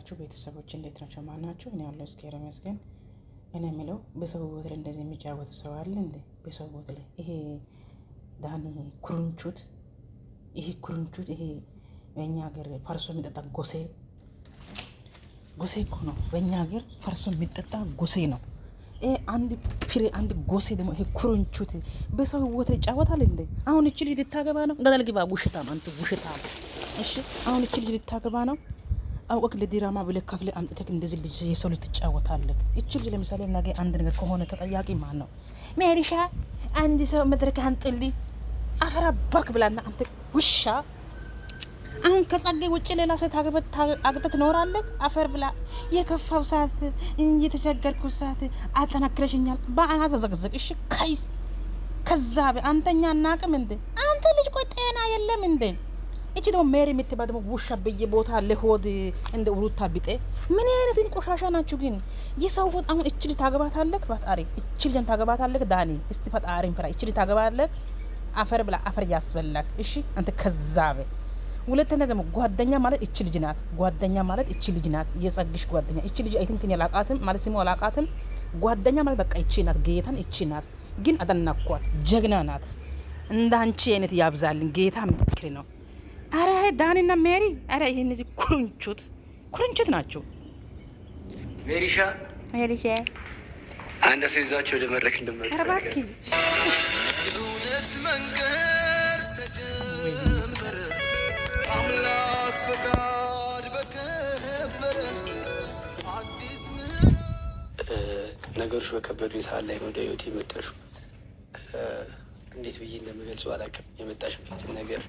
ያላችሁ ቤተሰቦች እንዴት ናቸው? ማን ናቸው? እኔ ያለው እስኪ መስገን። እኔ የምለው በሰው ቦት ላይ እንደዚህ የሚጫወቱ ሰው አለ እንዴ? በሰው ቦት ላይ ይሄ ዳኒ ኩርንቹት፣ ይሄ ኩርንቹት፣ ይሄ በእኛ ሀገር ፈርሶ የሚጠጣ ጎሴ ጎሴ እኮ ነው። በእኛ ሀገር ፈርሶ የሚጠጣ ጎሴ ነው። ይሄ አንድ ፕሬ አንድ ጎሴ ደግሞ ይሄ ኩርንቹት በሰው ቦታ ላይ ይጫወታል እንዴ? አሁን እቺ ልጅ ልታገባ ነው። ገደል ግባ ውሽታ ነው አንተ ውሽታ። እሺ አሁን እቺ ልጅ ልታገባ ነው። አውቅ ለዲራማ ብለህ ከፍለህ አምጥተክ እንደዚህ ልጅ የሰው ልጅ ትጫወታለህ። እቺ ልጅ ለምሳሌ ነገ አንድ ነገር ከሆነ ተጠያቂ ማን ነው? ሜሪሻ አንድ ሰው መድረክ አንጥሊ አፈራ ባክ ብላና አንተ ውሻ አሁን ከጸጌ ውጭ ሌላ ሴት አግብተህ ትኖራለህ? አፈር ብላ የከፋው ሰዓት እየተቸገርኩ ሰዓት አጠናክረሽኛል። በአና ተዘቅዘቅ እሺ ከይስ ከዛ በአንተኛ እናቅም እንዴ አንተ ልጅ ቆይ ጤና የለም እንዴ? እቺ ደግሞ ሜሪ የምትባል ደግሞ ውሻ በየቦታ ለሆድ እንደ ውሉታ ቢጤ ምን አይነት እንቆሻሻ ናችሁ ግን የሰው ወጥ አሁን እቺ ልጅ ታገባታለህ ፈጣሪ እቺ ልጅን ታገባታለክ? ዳኒ እስቲ ፈጣሪን ፍራ እቺ ልጅ ታገባለህ አፈር ብላ አፈር ያስበላክ እሺ አንተ ከዛበ ሁለተኛ ደግሞ ጓደኛ ማለት እቺ ልጅ ናት ጓደኛ ማለት እቺ ልጅ ናት የጸግሽ ጓደኛ እቺ ልጅ አይ ቲንክ እኔ ማለት ስሙ አላቃትም ጓደኛ ማለት በቃ እቺ ናት ጌታን እቺ ናት ግን አደናኳት። ጀግና ናት እንዳንቺ አይነት ያብዛልን ጌታ ምስክር ነው አረ ዳኒና ሜሪ አረ ይሄ እነዚህ ኩርንቹት ኩርንቹት ናቸው። ሜሪሻ ሜሪሻ አንድ ሰው ይዛቸው ወደ መድረክ እንደመጡ አረባኪ ነገሮች በከበዱ ሰዓት ላይ ወደ ህይወት የመጣሹ እንዴት ብዬ እንደምገልጹ አላውቅም። የመጣሽበትን ነገር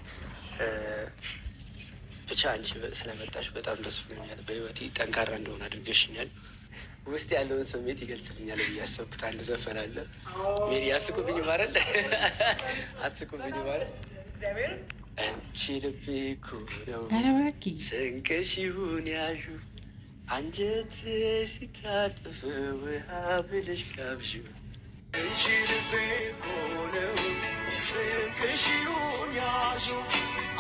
ብቻ አንቺ ስለመጣሽ በጣም ደስ ብሎኛል። በህይወቴ ጠንካራ እንደሆነ አድርገሽኛል። ውስጥ ያለውን ስሜት ይገልጽልኛል ብዬ ያሰብኩት አንድ ዘፈን አለ። ሜሪ አስቁብኝ ማረል አስቁብኝ ማረስ አንቺ ልቤ እኮ ነው ስንቅሽ ይሁን ያዥ አንጀት ሲታጥፍ ውሃ ብልሽ ጋብዥ አንቺ ልቤ እኮ ነው ስንቅሽ ይሁን ያዥ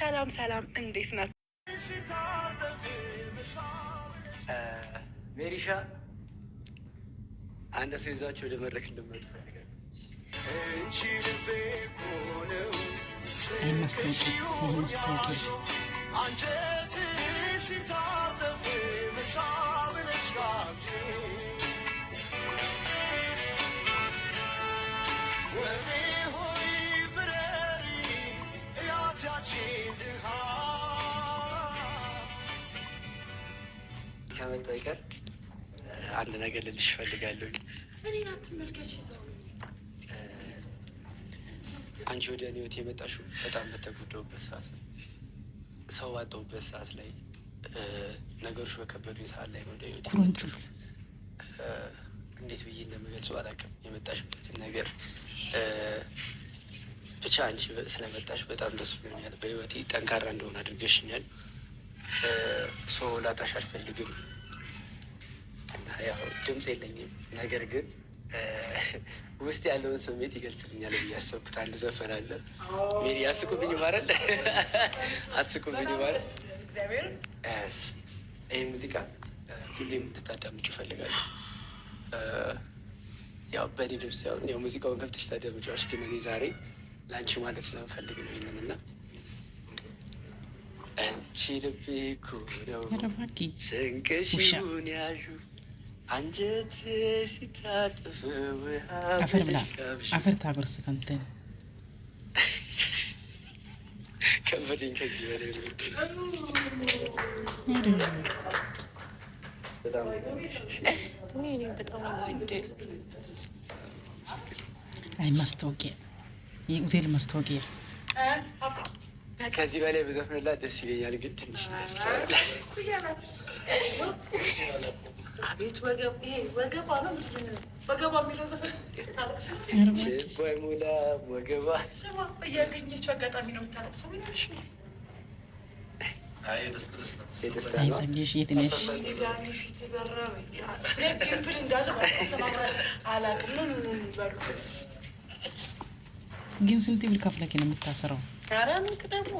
ሰላም ሰላም፣ እንዴት ናት ሜሪሻ? አንድ ሰው ይዛቸው ወደ መድረክ እንደመጡ ይህ ማስታወቂያ ይህ ማስታወቂያ ከመጣ ይቀር አንድ ነገር ልልሽ እፈልጋለሁ። አንቺ ወደ እኔ ህይወት የመጣሽው በጣም በተጎዳሁበት ሰዓት ነው። ሰው ባጣሁበት ሰዓት ላይ፣ ነገሮች በከበዱኝ ሰዓት ላይ ወደ ህይወት እንዴት ብዬ እንደምገልጹ አላውቅም። የመጣሽበትን ነገር ብቻ አንቺ ስለመጣሽ በጣም ደስ ብሎኛል። በህይወቴ ጠንካራ እንደሆነ አድርገሽኛል። ሰው ላጣሽ አልፈልግም። ያው ድምፅ የለኝም፣ ነገር ግን ውስጥ ያለውን ስሜት ይገልጽልኛል ብዬ ያሰብኩት አንድ ዘፈን አለ። ሜሪ አስቁብኝ ማረል አትስቁብኝ ማረስ ይህ ሙዚቃ ሁሌም እንድታዳምጩ እፈልጋለሁ። ያው በእኔ ድምፅ ሳይሆን ያው ሙዚቃውን ከብተሽ ታዳምጫዎች፣ ግን እኔ ዛሬ ለአንቺ ማለት ስለምፈልግ ነው ይህንን እና አንቺ ልቤ እኮ ነው ስንቅሽ ሁን አንጀት ሲታጥፍ አፈር ብላ አፈር ታጎርስ ከንተን ከበደኝ። ከዚህ በላይ አይ ማስታወቂያ፣ የሆቴል ማስታወቂያ ከዚህ በላይ ብዘፍንላት ደስ ይለኛል፣ ግን ትንሽ አቤት ወገብ ይሄ ወገባ ነው። ወገብ የሚለው ዘፈን ሙላ ወገባ ስማ፣ እያገኘችው አጋጣሚ ነው የምታለቅሰው። ግን ስንት ብር ከፍለኪ ነው የምታስረው? ኧረ ንቅ ደግሞ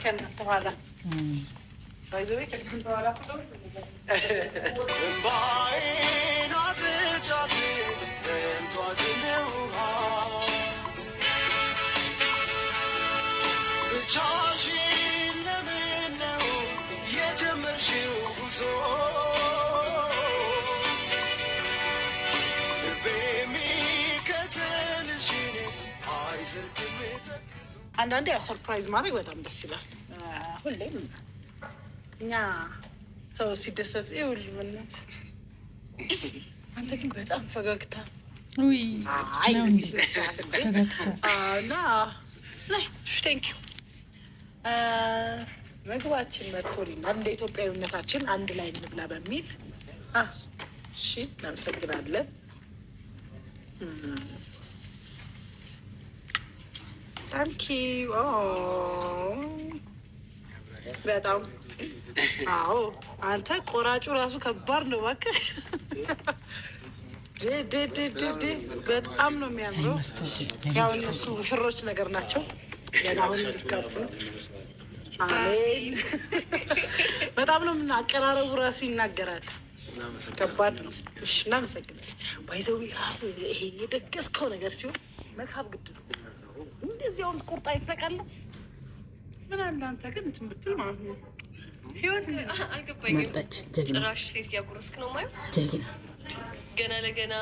ከእናንተ ኋላ አንዳንዴ ያው ሰርፕራይዝ ማድረግ በጣም ደስ ይላል። ሁሌም እኛ ሰው ሲደሰት ይውልምነት አንተ ግን በጣም ፈገግታ እና ምግባችን መጥቶልናል። እንደ ኢትዮጵያዊነታችን አንድ ላይ እንብላ በሚል እሺ፣ እናመሰግናለን። ታንኪ በጣም አዎ አንተ ቆራጩ ራሱ ከባድ ነው። እባክህ በጣም ነው የሚያምረው። ያው እነሱ ሽሮች ነገር ናቸው። አሁን ሊጋቡ በጣም ነው ምና አቀራረቡ ራሱ ይናገራል። ከባድ ነው። እሺ እናመሰግናለን። ባይዘዊ ራስ ይሄ የደገስከው ነገር ሲሆን መካብ ግድ ነው። እንደዚያውም ቁርጣ ይተቃለ ምን አንዳንተ ግን ትምብትል ማለት ነው መጣች። ጀግና ሴት ያጎረስክ ነው ማየው። ጀግና ገና ለገና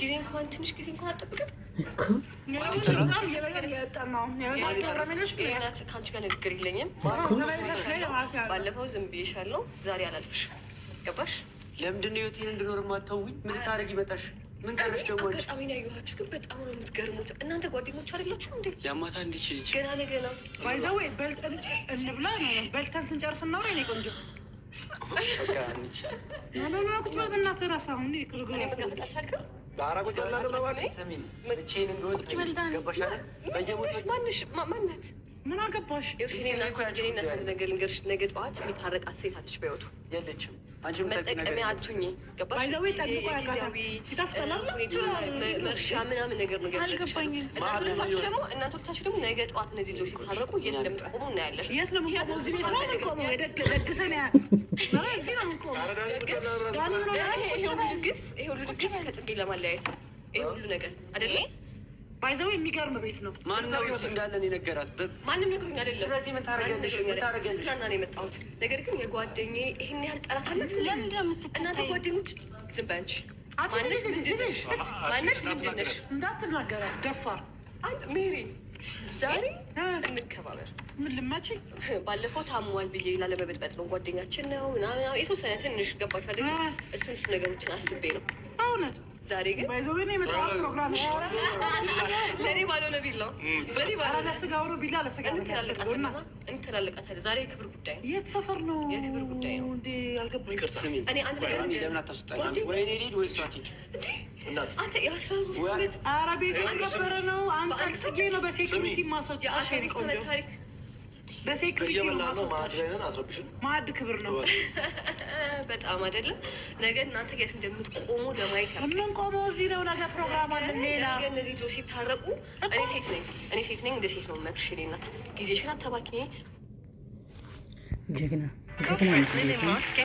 ጊዜ እንኳን ትንሽ ጊዜ እንኳን አጠብቅም እኮ ከአንቺ ጋር ንግግር የለኝም። ባለፈው ዝም ብዬሻለሁ፣ ዛሬ አላልፍሽ። ገባሽ? ለምንድን ነው ህይወቴን እንድኖር ማታውኝ? ምን ታደርጊ መጣሽ? ምን ቀረሽ ደግሞ? አጋጣሚ ያየኋችሁ ግን በጣም ነው የምትገርሙት። እናንተ ጓደኞች አይደላችሁ እንዴ? ያማታ እንዲች ልጅ ገና ለገና ባይዘው በልጠን እንብላ ነው በልተን ስንጨርስ እናውራ ቆንጆ ምን አገባሽ? ነገር ልንገርሽ፣ ነገ ጠዋት የሚታረቃት ሴት አለች በይወቱ የለችም መጠቀሚያ አትሁኝ። ገባሽ? ጊዜያዊ መርሻ ምናምን ነገር ነው። እናንተ ደግሞ እናንተ ሁለታችሁ ደግሞ ነገ ጠዋት እነዚህ ልጆች ሲታረቁ የት እንደምትቆሙ እናያለን። ይሄ ሁሉ ድግስ ከጽጌ ለማለያየት ይሄ ሁሉ ነገር አይደለም። ባይዘው የሚገርም ቤት ነው። ነው እዚህ እንዳለን የነገራት? ማንም ነግሮኝ አይደለም። ስለዚህ ምን ታደርጊያለሽ? ልዝናና ነው የመጣሁት። ነገር ግን የጓደኛዬ ይህን ያህል ጠላት አለት። ለምንድን ነው የምትቀጣኝ? እናንተ ጓደኞች ዝም በይ አንቺ። ማነሽ ምንድን ነሽ? ደፋር ሜሪ ዛሬ እንከባበር። ምን ባለፈው ታሟል ብዬ ላለመበጥበጥ ነው ጓደኛችን ነው ምናምን የተወሰነ ትንሽ አይደል? እሱን እሱ ነገሮችን አስቤ ነው እውነት ዛሬ ግን ለእኔ ባልሆነ ቢላ እንትላለቃታለህ። ዛሬ የክብር ጉዳይ ነው። የት ሰፈር ነው? የክብር ጉዳይ ነው። እኔ አንድ ነገር አንተ የአስራ ሶስት ዓመት ኧረ ቤት የከበረ ነው። አንጠልጥዬ ነው በሴኩሪቲ ማስወጣት። ታሪክ በሴኩሪቲ ማስወጣት ማዕድ ክብር ነው። በጣም አይደለም። ነገ እናንተ የት እንደምትቆሙ ለማየት እዚህ ነው። ነገ ፕሮግራም አለ ሌላ። ነገ እነዚህ ልጆች ሲታረቁ እኔ ሴት ነኝ፣ እኔ ሴት ነኝ፣ እንደ ሴት ነው መክሽ ጊዜሽን አታባኪ ጀግና ጀግና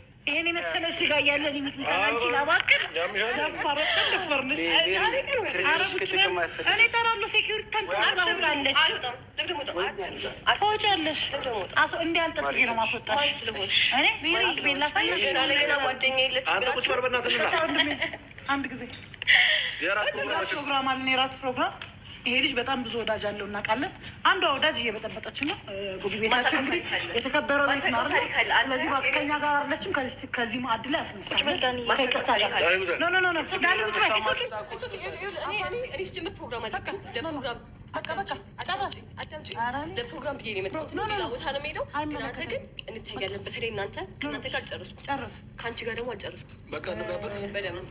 ይሄን የመሰለ ስጋ ጋር ያለን የምትምታን አንቺ ላባክር ደፋር ደፋር ነሽ። እኔ እጠራለሁ ሴኪሪቲን ትወጣለች፣ ትወጫለሽ። እንዲ አንጠልጥዬ ነው ማስወጣሽ። እኔ አንድ ጊዜ የራት ፕሮግራም አለን የራት ፕሮግራም ይሄ ልጅ በጣም ብዙ ወዳጅ አለው እናውቃለን። አንዷ ወዳጅ እየበጠበጠች ነው። ጉቢ ቤታችን እንግዲህ የተከበረው ቤት ነው። ስለዚህ ከኛ ጋር አለችም። ከዚህ ማዕድ ላይ አስነሳለን። ይቅርታ ለፕሮግራም ብዬ ነው የመጣሁት። ሌላ ቦታ ነው የምሄደው። እናንተ ግን እንታያለን። በተለይ እናንተ ከእናንተ ጋር አልጨረስኩም፣ ከአንቺ ጋር ደግሞ አልጨረስኩም። በደምብ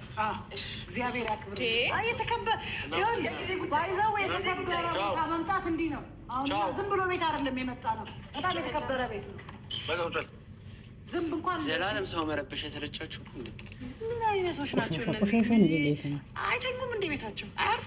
እግዚአብሔር ያክብር። ዝም ብሎ ቤት አይደለም የመጣ ነው። በጣም የተከበረ ቤት ነው። ዘላለም ሰው መረበሽ የተለጫችሁ ምን አይነቶች ናቸው እነዚህ? አይተኙም እንደ ቤታቸው አያርፉ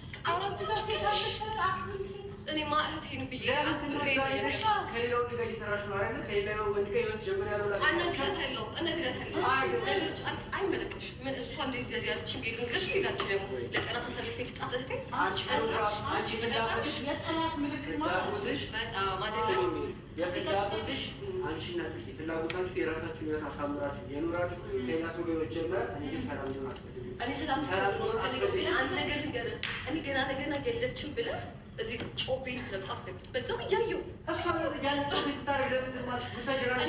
እኔማ ማለት ብዬ እነግረታለሁ እነግረታለሁ አይመለከትሽ ምን እሷ እንዴት የፍላጎትሽ አንቺና ጽጌ ፍላጎታችሁ የራሳችሁ ህይወት አሳምራችሁ የኑራችሁ ከኛ ሰው ጋር ጀመር እኔ ግን ሰላም ሊሆን እኔ ሰላም ሰላም ነው ፈልገው ግን አንድ ነገር ልንገር፣ እኔ ገና ለገና የለችም ብለ እዚህ ጮቤ ልትረቱ በዛው እያየው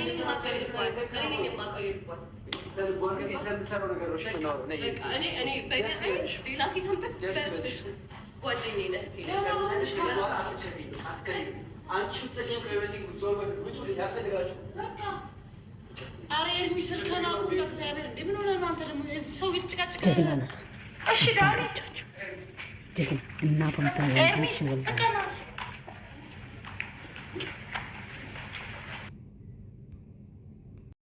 እኔ የማውቀው ይልባል እኔ ነኝ የማውቀው ይልባል አንቺም ጽጌም ከህይወቴ ዞር በል ውጡልኝ፣ አልፈልጋችሁም። ኤርሚ ስልክህን አውቁ በእግዚአብሔር። እንደ ምን ሆነህ አንተ ደግሞ የዚህ ሰው የተጨቃጨቀ እሺ ዳሪ ጀግና እናቷን ታወቃችሁ ወልዳ